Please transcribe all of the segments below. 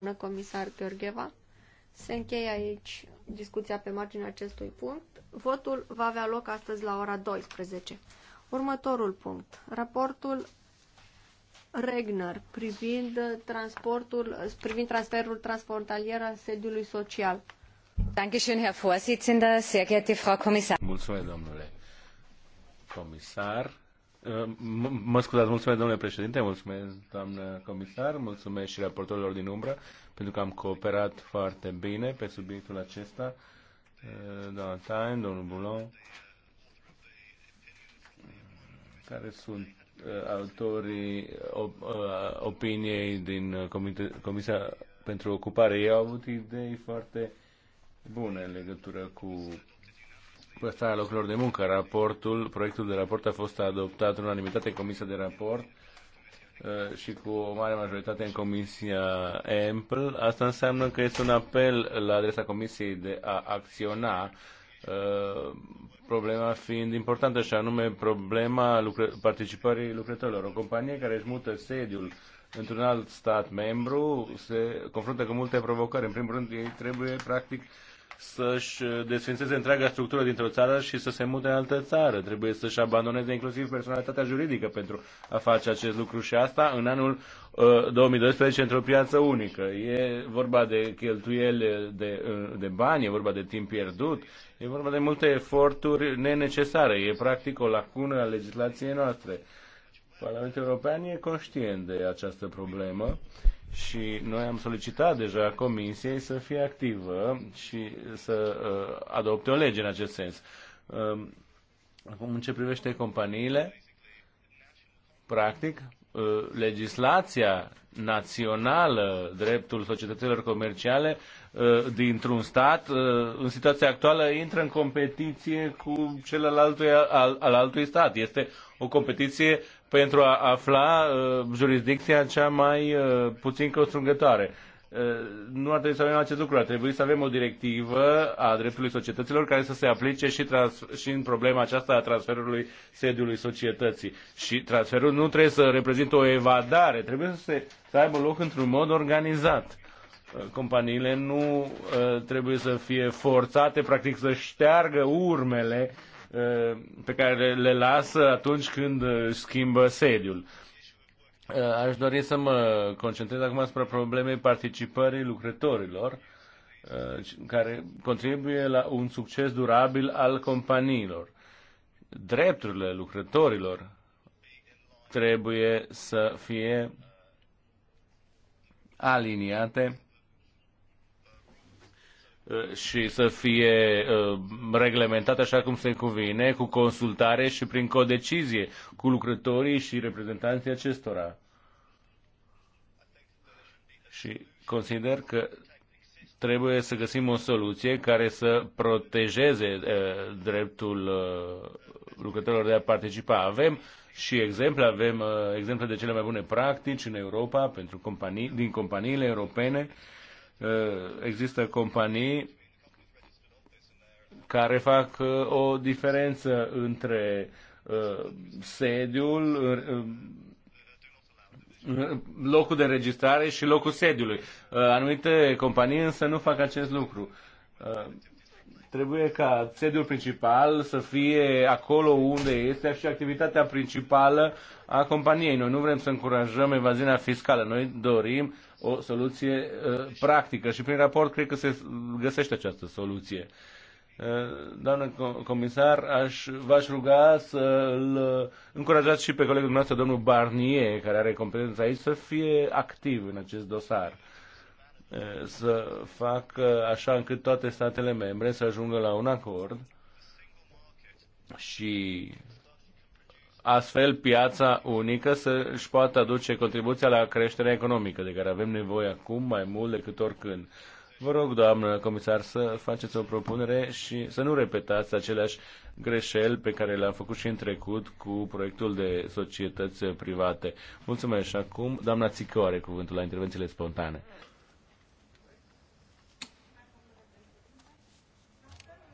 doamnă comisar Gheorgheva. Se încheie aici discuția pe marginea acestui punct. Votul va avea loc astăzi la ora 12. Următorul punct. Raportul Regner privind, transportul, privind transferul transfrontalier al sediului social. Dankeschön, Herr Vorsitzender, sehr geehrte Frau Kommissar. Mulțumesc, domnule comisar Uh, mă scuzați, mulțumesc domnule președinte, mulțumesc doamnă comisar, mulțumesc și raportorilor din umbră pentru că am cooperat foarte bine pe subiectul acesta. Uh, doamna Tain, domnul Boulon, care sunt uh, autorii opiniei din Comisia pentru Ocupare. Ei au avut idei foarte bune în legătură cu păstrarea locurilor de muncă. Raportul, proiectul de raport a fost adoptat în unanimitate în Comisia de Raport uh, și cu o mare majoritate în Comisia EMPL. Asta înseamnă că este un apel la adresa Comisiei de a acționa uh, problema fiind importantă și anume problema lucră- participării lucrătorilor. O companie care își mută sediul într-un alt stat membru se confruntă cu multe provocări. În primul rând, ei trebuie practic să-și uh, desfințeze întreaga structură dintr-o țară și să se mute în altă țară. Trebuie să-și abandoneze inclusiv personalitatea juridică pentru a face acest lucru și asta în anul 2012 uh, într-o piață unică. E vorba de cheltuieli de, uh, de bani, e vorba de timp pierdut, e vorba de multe eforturi nenecesare. E practic o lacună a legislației noastre. Parlamentul European e conștient de această problemă și noi am solicitat deja Comisiei să fie activă și să uh, adopte o lege în acest sens. Uh, acum, în ce privește companiile, practic, uh, legislația națională, dreptul societăților comerciale uh, dintr-un stat, uh, în situația actuală, intră în competiție cu cel al altui, al, al altui stat. Este o competiție pentru a afla uh, jurisdicția cea mai uh, puțin constrângătoare. Uh, nu ar trebui să avem acest lucru, ar trebui să avem o directivă a dreptului societăților care să se aplice și, trans- și în problema aceasta a transferului sediului societății. Și transferul nu trebuie să reprezintă o evadare, trebuie să, se, să aibă loc într-un mod organizat uh, companiile nu uh, trebuie să fie forțate, practic, să șteargă urmele Eh, pe care le lasă atunci când își eh, schimbă sediul. Eh, aș dori să mă concentrez acum asupra problemei participării lucrătorilor care contribuie la un succes durabil al companiilor. Drepturile lucrătorilor trebuie să fie aliniate Uh, și să fie uh, reglementat așa cum se cuvine, cu consultare și prin codecizie cu lucrătorii și reprezentanții acestora. Și consider că trebuie să găsim o soluție care să protejeze uh, dreptul lucrătorilor de a participa. Avem și exemple, avem exemple de cele mai bune practici în Europa pentru companii, din companiile europene Eh, există companii care fac eh, o diferență între eh, sediul, locul de înregistrare și locul sediului. Anumite companii însă nu fac acest lucru trebuie ca sediul principal să fie acolo unde este și activitatea principală a companiei. Noi nu vrem să încurajăm evaziunea fiscală, noi dorim o soluție uh, practică și prin raport cred că se găsește această soluție. Uh, doamnă comisar, aș, v-aș ruga să îl uh, încurajați și pe colegul dumneavoastră, domnul Barnier, care are competența aici, să fie activ în acest dosar să facă așa încât toate statele membre să ajungă la un acord și astfel piața unică să își poată aduce contribuția la creșterea economică de care avem nevoie acum mai mult decât oricând. Vă rog, doamnă comisar, să faceți o propunere și să nu repetați aceleași greșeli pe care le-am făcut și în trecut cu proiectul de societăți private. Mulțumesc și acum, doamna Țicău are cuvântul la intervențiile spontane.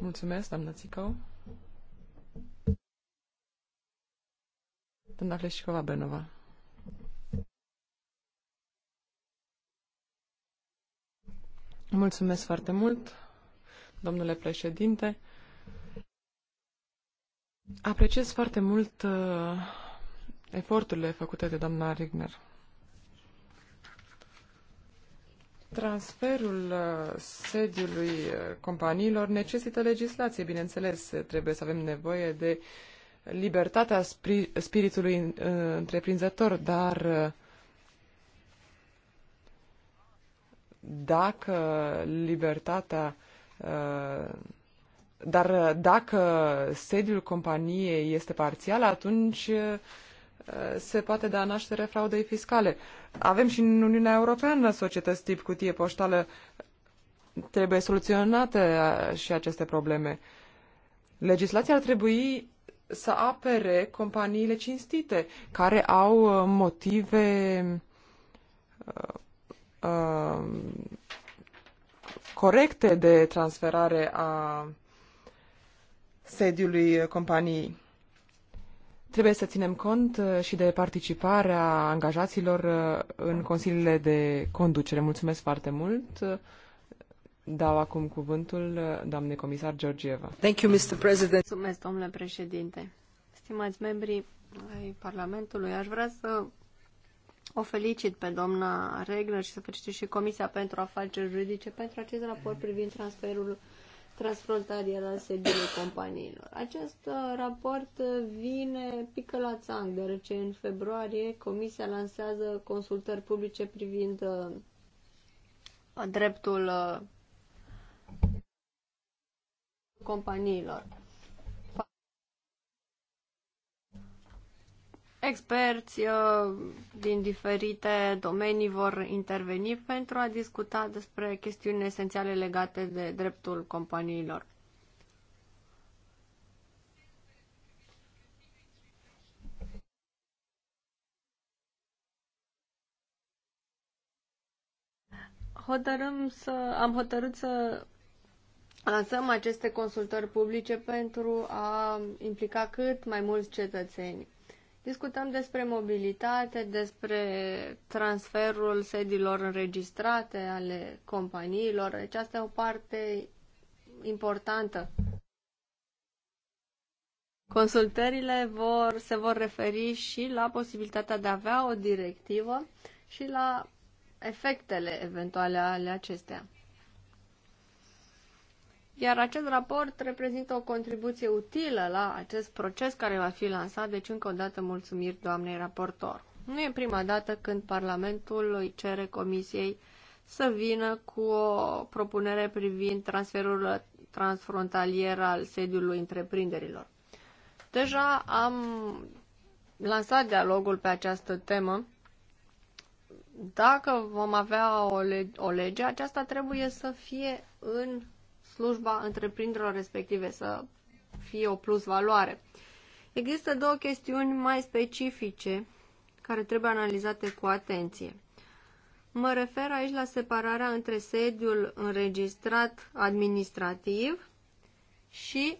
Mulțumesc, doamnă Țicău. Doamna Hleșicova Benova. Mulțumesc foarte mult, domnule președinte. Apreciez foarte mult uh, eforturile făcute de doamna Rigner. Transferul uh, sediului uh, companiilor necesită legislație, bineînțeles. Trebuie să avem nevoie de libertatea spiritului uh, întreprinzător, dar dacă libertatea dar dacă sediul companiei este parțial, atunci se poate da naștere fraudei fiscale. Avem și în Uniunea Europeană societăți tip cutie poștală. Trebuie soluționate și aceste probleme. Legislația ar trebui să apere companiile cinstite care au uh, motive uh, uh, corecte de transferare a sediului companiei. Trebuie să ținem cont uh, și de participarea angajaților uh, în consiliile de conducere. Mulțumesc foarte mult. Dau acum cuvântul uh, doamnei comisar Georgieva. Thank you, Mr. President. Mulțumesc, domnule președinte. Stimați membri ai Parlamentului, aș vrea să o felicit pe doamna Regner și să felicit și Comisia pentru Afaceri Juridice pentru acest raport privind transferul transfrontalieră al sediului companiilor. Acest uh, raport uh, vine pică la țang, deoarece în februarie Comisia lansează consultări publice privind uh, dreptul companiilor. experți uh, din diferite domenii vor interveni pentru a discuta despre chestiuni esențiale legate de dreptul companiilor. Hotărâm să, am hotărât să lansăm aceste consultări publice pentru a implica cât mai mulți cetățeni Discutăm despre mobilitate, despre transferul sediilor înregistrate ale companiilor. Deci asta e o parte importantă. Consultările vor, se vor referi și la posibilitatea de a avea o directivă și la efectele eventuale ale acestea. Iar acest raport reprezintă o contribuție utilă la acest proces care va fi lansat, deci încă o dată mulțumiri doamnei raportor. Nu e prima dată când Parlamentul îi cere Comisiei să vină cu o propunere privind transferul transfrontalier al sediului întreprinderilor. Deja am lansat dialogul pe această temă. Dacă vom avea o, le- o lege, aceasta trebuie să fie în slujba întreprinderilor respective, să fie o plus valoare. Există două chestiuni mai specifice care trebuie analizate cu atenție. Mă refer aici la separarea între sediul înregistrat administrativ și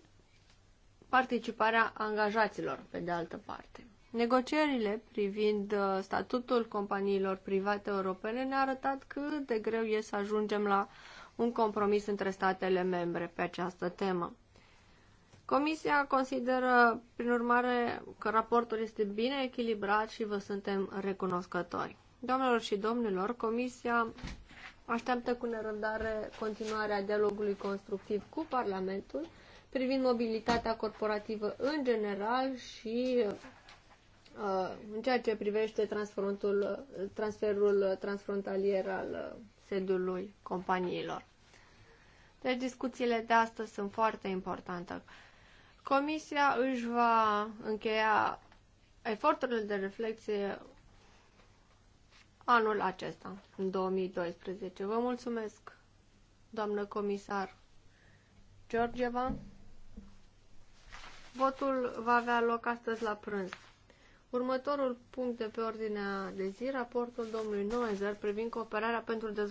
participarea angajaților, pe de altă parte. Negocierile privind uh, statutul companiilor private europene ne-a arătat cât de greu e să ajungem la un compromis între statele membre pe această temă. Comisia consideră, prin urmare, că raportul este bine echilibrat și vă suntem recunoscători. Doamnelor și domnilor, Comisia așteaptă cu nerăbdare continuarea dialogului constructiv cu Parlamentul privind mobilitatea corporativă în general și uh, în ceea ce privește transferul transfrontalier al uh, sediului companiilor. Deci discuțiile de astăzi sunt foarte importante. Comisia își va încheia eforturile de reflexie anul acesta, în 2012. Vă mulțumesc, doamnă comisar Georgeva. Votul va avea loc astăzi la prânz. Următorul punct de pe ordinea de zi, raportul domnului Noezer privind cooperarea pentru dezvoltare.